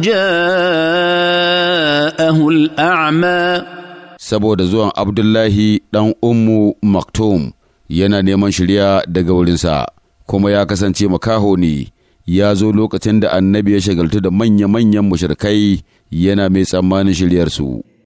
جاءه الأعمى saboda zuwan Abdullahi ɗan Ummu mactum yana neman shirya daga wurin sa kuma ya kasance makaho ne, ya zo lokacin da annabi ya shagaltu da manya-manyan mushrikai yana mai tsammanin shiryar su.